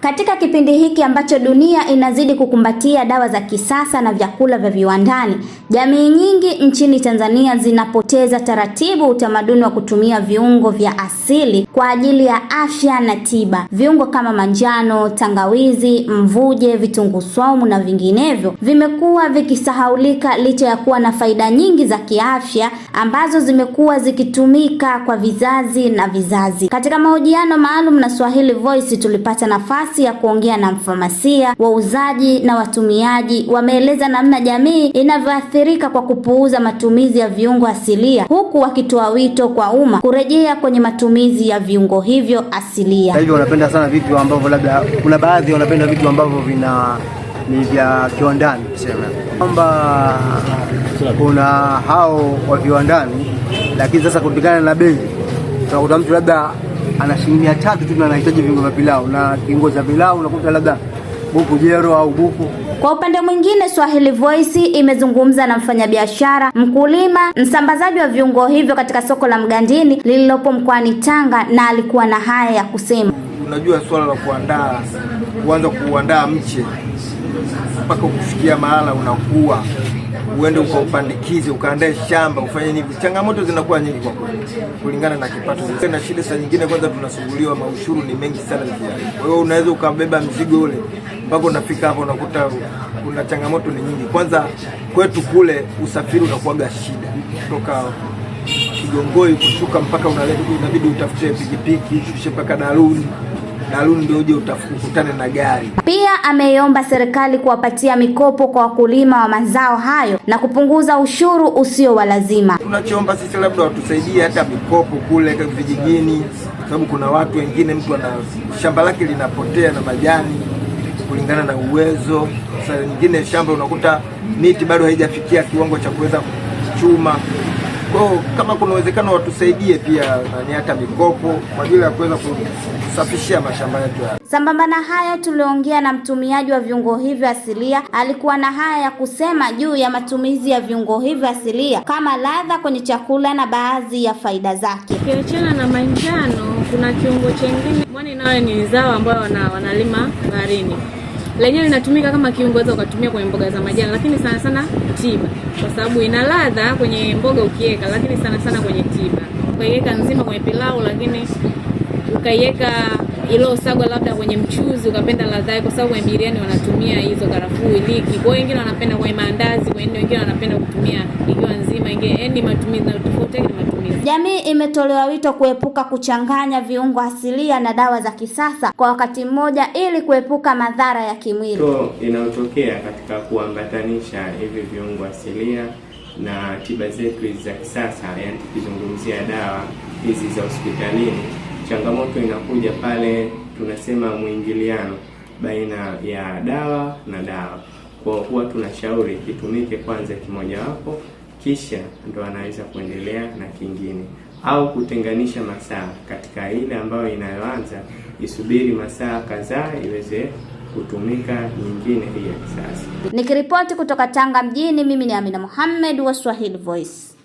Katika kipindi hiki ambacho dunia inazidi kukumbatia dawa za kisasa na vyakula vya viwandani, jamii nyingi nchini Tanzania zinapoteza taratibu utamaduni wa kutumia viungo vya asili kwa ajili ya afya na tiba. Viungo kama manjano, tangawizi, mvuje, vitunguu swaumu na vinginevyo vimekuwa vikisahaulika licha ya kuwa na faida nyingi za kiafya ambazo zimekuwa zikitumika kwa vizazi na vizazi. Katika mahojiano maalum na Swahili Voice tulipata nafasi nafasi ya kuongea na mfamasia, wauzaji na watumiaji. Wameeleza namna jamii inavyoathirika kwa kupuuza matumizi ya viungo asilia, huku wakitoa wito kwa umma kurejea kwenye matumizi ya viungo hivyo asilia. Hivyo wanapenda sana vitu ambavyo labda kuna baadhi wanapenda vitu ambavyo vina ni vya kiwandani, kusema kwamba kuna hao wa viwandani, lakini sasa kutokana na bei tunakuta mtu labda ana shilingi mia tatu tu anahitaji viungo vya pilau na viungo za pilau unakuta labda buku jero au buku. Kwa upande mwingine, Swahili Voice imezungumza na mfanyabiashara, mkulima, msambazaji wa viungo hivyo katika soko la Mgandini lililopo mkoani Tanga, na alikuwa na haya ya kusema. Unajua, swala la kuandaa, kuanza kuandaa mche mpaka kufikia mahala unakuwa uende ukaupandikize ukaandae shamba ufanye nini, Changamoto zinakuwa nyingi kwa kweli, kulingana na kipato na shida. Saa nyingine kwanza tunasumbuliwa, maushuru ni mengi sana Kwa hiyo unaweza ukabeba mzigo ule mpaka unafika hapo, unakuta kuna changamoto ni nyingi. Kwanza kwetu kule usafiri unakuwaga shida kutoka Kigongoi kushuka mpaka unabidi utafute pikipiki ushushe mpaka daruni na luni ndio uje utakutane na gari. Pia ameiomba serikali kuwapatia mikopo kwa wakulima wa mazao hayo na kupunguza ushuru usio wa lazima. Tunachoomba sisi labda watusaidie hata mikopo kule vijijini, sababu kuna watu wengine, mtu ana shamba lake linapotea na majani kulingana na uwezo. Saa nyingine shamba unakuta miti bado haijafikia kiwango cha kuweza kuchuma kwa hiyo kama kuna uwezekano watusaidie pia ni hata mikopo kwa ajili ya kuweza kusafishia mashamba yetu haya. Sambamba na haya, tuliongea na mtumiaji wa viungo hivyo asilia, alikuwa na haya ya kusema juu ya matumizi ya viungo hivyo asilia kama ladha kwenye chakula na baadhi ya faida zake. Ukiachana na manjano, kuna kiungo chengine mwani, nayo ni zao ambayo wanalima wana baharini lenyewe linatumika kama kiungo, za ukatumia kwenye mboga za majani, lakini sana sana tiba, kwa sababu ina ladha kwenye mboga ukiweka, lakini sana sana kwenye tiba, ukaiweka nzima kwenye pilau, lakini ukaiweka sagwa labda kwenye mchuzi ukapenda ladha yake, kwa sababu kwenye biriani wanatumia hizo karafuu, iliki. Kwa hiyo wengine wanapenda kwenye maandazi, wengine wanapenda kutumia ikiwa nzima, yaani matumizi Jamii imetolewa wito kuepuka kuchanganya viungo asilia na dawa za kisasa kwa wakati mmoja ili kuepuka madhara ya kimwili so, inayotokea katika kuambatanisha hivi viungo asilia na tiba zetu hizi za kisasa, yaani tukizungumzia dawa hizi za hospitalini, changamoto inakuja pale tunasema mwingiliano baina ya dawa na dawa. Kwa huwa tunashauri kitumike kwanza kimojawapo kisha ndo anaweza kuendelea na kingine, au kutenganisha masaa katika ile ambayo inayoanza isubiri masaa kadhaa iweze kutumika nyingine hii ya kisasa. Nikiripoti kutoka Tanga mjini, mimi ni Amina muhammed wa Swahili Voice.